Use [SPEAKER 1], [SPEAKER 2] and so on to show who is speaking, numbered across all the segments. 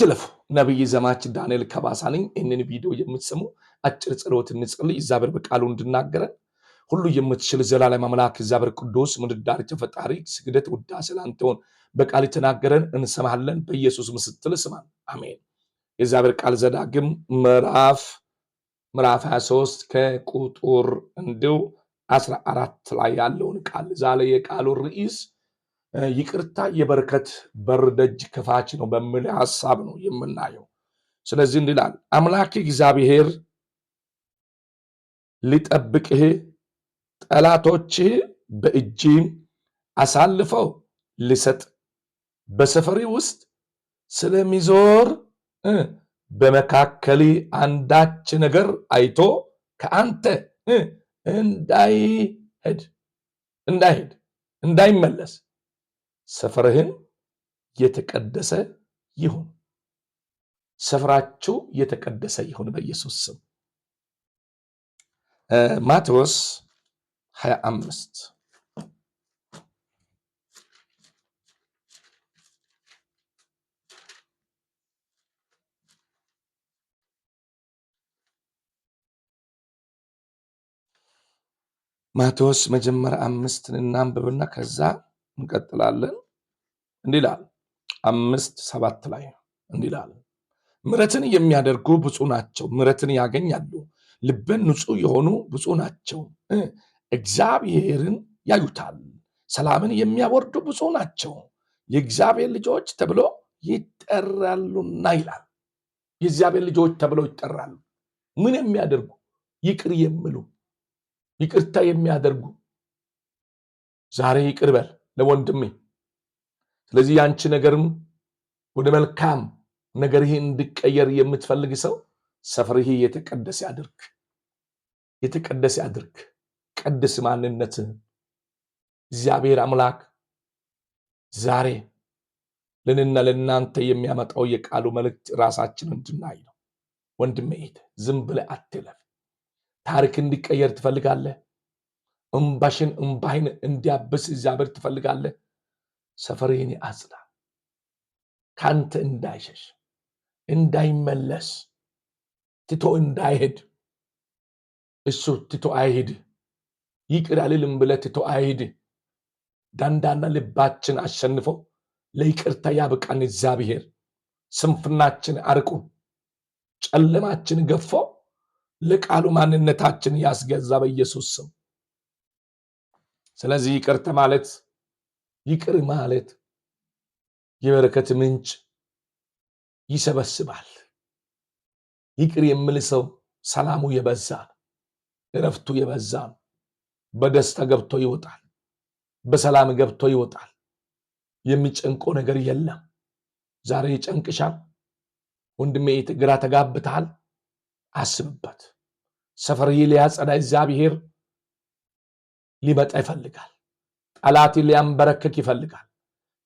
[SPEAKER 1] አትለፉ። ነቢይ ዘማች ዳንኤል ከባሳ ነኝ። ይህንን ቪዲዮ የምትሰሙ አጭር ጸሎት እንጸልይ። እግዚአብሔር በቃሉ እንድናገረን ሁሉ የምትችል ዘላለም አምላክ እግዚአብሔር ቅዱስ ምድር ዳርቻ ፈጣሪ ስግደት ውዳሴ ላንተ በቃል የተናገረን እንሰማለን። በኢየሱስ ምስትል ስማን። አሜን። የእግዚአብሔር ቃል ዘዳግም ምዕራፍ ምዕራፍ 23 ከቁጥር እንዲሁ 14 ላይ ያለውን ቃል ዛለ የቃሉ ርዕስ ይቅርታ የበረከት በር ደጅ ከፋች ነው በሚል ሀሳብ ነው የምናየው። ስለዚህ እንዲላል አምላክ እግዚአብሔር ሊጠብቅህ ጠላቶችህ በእጅህ አሳልፈው ሊሰጥ በሰፈሪ ውስጥ ስለሚዞር በመካከል አንዳች ነገር አይቶ ከአንተ እንዳይሄድ እንዳይሄድ እንዳይመለስ ሰፈርህም የተቀደሰ ይሁን። ሰፈራችሁ የተቀደሰ ይሁን በኢየሱስ ስም። ማቴዎስ 25 ማቴዎስ መጀመሪያ አምስትን እናንብብና ከዛ እንቀጥላለን። እንዲህ ይላል አምስት ሰባት ላይ እንዲህ ይላል ምረትን የሚያደርጉ ብፁ ናቸው፣ ምረትን ያገኛሉ። ልበን ንጹህ የሆኑ ብፁ ናቸው፣ እግዚአብሔርን ያዩታል። ሰላምን የሚያወርዱ ብፁ ናቸው፣ የእግዚአብሔር ልጆች ተብሎ ይጠራሉና ይላል። የእግዚአብሔር ልጆች ተብለው ይጠራሉ። ምን የሚያደርጉ ይቅር የሚሉ ይቅርታ የሚያደርጉ ዛሬ ይቅር በል ለወንድሜ። ስለዚህ ያንቺ ነገርም ወደ መልካም ነገር ይሄ እንዲቀየር የምትፈልግ ሰው ሰፈርህ የተቀደሰ ያድርግ፣ የተቀደሰ ያድርግ። ቀድስ ማንነትህን። እግዚአብሔር አምላክ ዛሬ ለእኔና ለእናንተ የሚያመጣው የቃሉ መልእክት ራሳችን እንድናይ ነው። ወንድሜ ዝም ብለህ አትለፍ። ታሪክ እንዲቀየር ትፈልጋለህ? እምባሽን እምባይን እንዲያብስ እግዚአብሔር ትፈልጋለህ። ሰፈርህን አጽዳ፣ ካንተ እንዳይሸሽ እንዳይመለስ ትቶ እንዳይሄድ እሱ ትቶ አይሄድ ይቅር አልልም ብለህ ትቶ አይሄድ። ዳንዳና ልባችን አሸንፎ ለይቅርታ ያብቃን እግዚአብሔር። ስንፍናችን አርቁ ጨለማችን ገፎ ለቃሉ ማንነታችን ያስገዛ በኢየሱስ ስም ስለዚህ ይቅርት ማለት ይቅር ማለት የበረከት ምንጭ ይሰበስባል። ይቅር የሚል ሰው ሰላሙ የበዛ እረፍቱ የበዛ በደስታ ገብቶ ይወጣል። በሰላም ገብቶ ይወጣል። የሚጨንቆ ነገር የለም። ዛሬ ይጨንቅሻል ወንድሜ፣ ግራ ተጋብተሃል። አስብበት። ሰፈር ሊያጸዳ እግዚአብሔር ሊመጣ ይፈልጋል። ጠላት ሊያንበረከክ ይፈልጋል።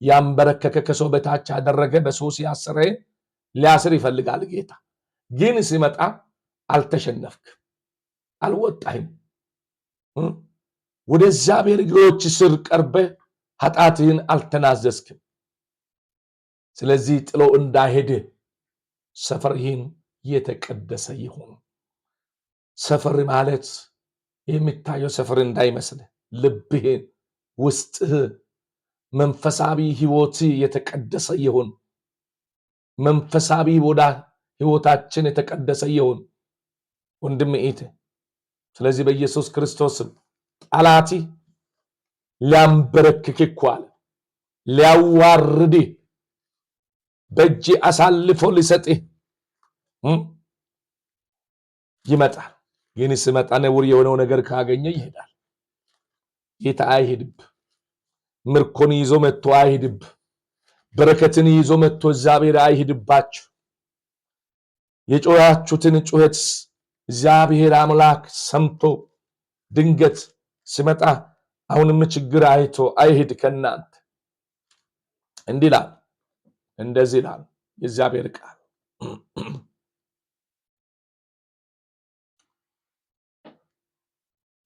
[SPEAKER 1] ያንበረከከ ከሰው በታች ያደረገ በሰው ያስረ ሊያስር ይፈልጋል። ጌታ ግን ሲመጣ አልተሸነፍክም፣ አልወጣህም። ወደ እግዚአብሔር እግሮች ስር ቀርበ ኃጢአትህን አልተናዘዝክም። ስለዚህ ጥሎ እንዳይሄድ ሰፈርህን የተቀደሰ ይሁን። ሰፈር ማለት የምታየው ሰፈር እንዳይመስል ልብህን፣ ውስጥህ መንፈሳዊ ህይወት የተቀደሰ ይሁን። መንፈሳዊ ወዳ ህይወታችን የተቀደሰ ይሁን ወንድም ኢት ስለዚህ በኢየሱስ ክርስቶስ ጠላቲ ሊያንበረክክ ይኳል ሊያዋርድ በእጅ አሳልፎ ሊሰጥህ ይመጣል። ግን ስመጣ ነውር የሆነው ነገር ካገኘ ይሄዳል። ጌታ አይሄድብ። ምርኮን ይዞ መጥቶ አይሄድብ። በረከትን ይዞ መጥቶ እግዚአብሔር አይሄድባችሁ። የጮያችሁትን ጩኸት እግዚአብሔር አምላክ ሰምቶ ድንገት ሲመጣ አሁንም ችግር አይቶ አይሄድ ከእናንተ እንዲህ ላል እንደዚህ ላል የእግዚአብሔር ቃል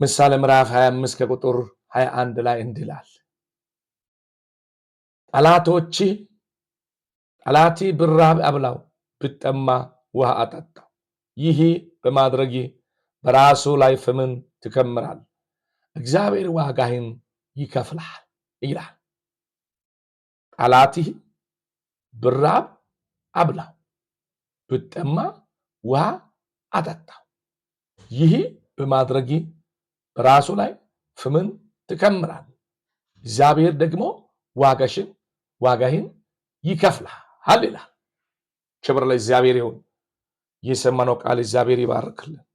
[SPEAKER 1] ምሳሌ ምዕራፍ 25 ከቁጥር 21 ላይ እንዲላል ጠላቶች ጠላቲ ብራብ አብላው፣ ብጠማ ውሃ አጠጣው። ይህ በማድረግ በራሱ ላይ ፍምን ትከምራል፣ እግዚአብሔር ዋጋህን ይከፍልሃል ይላል። ጠላቲ ብራብ አብላው፣ ብጠማ ውሃ አጠጣው። ይህ በማድረግ በራሱ ላይ ፍምን ትከምራል። እግዚአብሔር ደግሞ ዋጋሽን ዋጋህን ይከፍልሃል ይላል። ክብር ለእግዚአብሔር ይሁን። የሰማነው ቃል እግዚአብሔር ይባርክልን።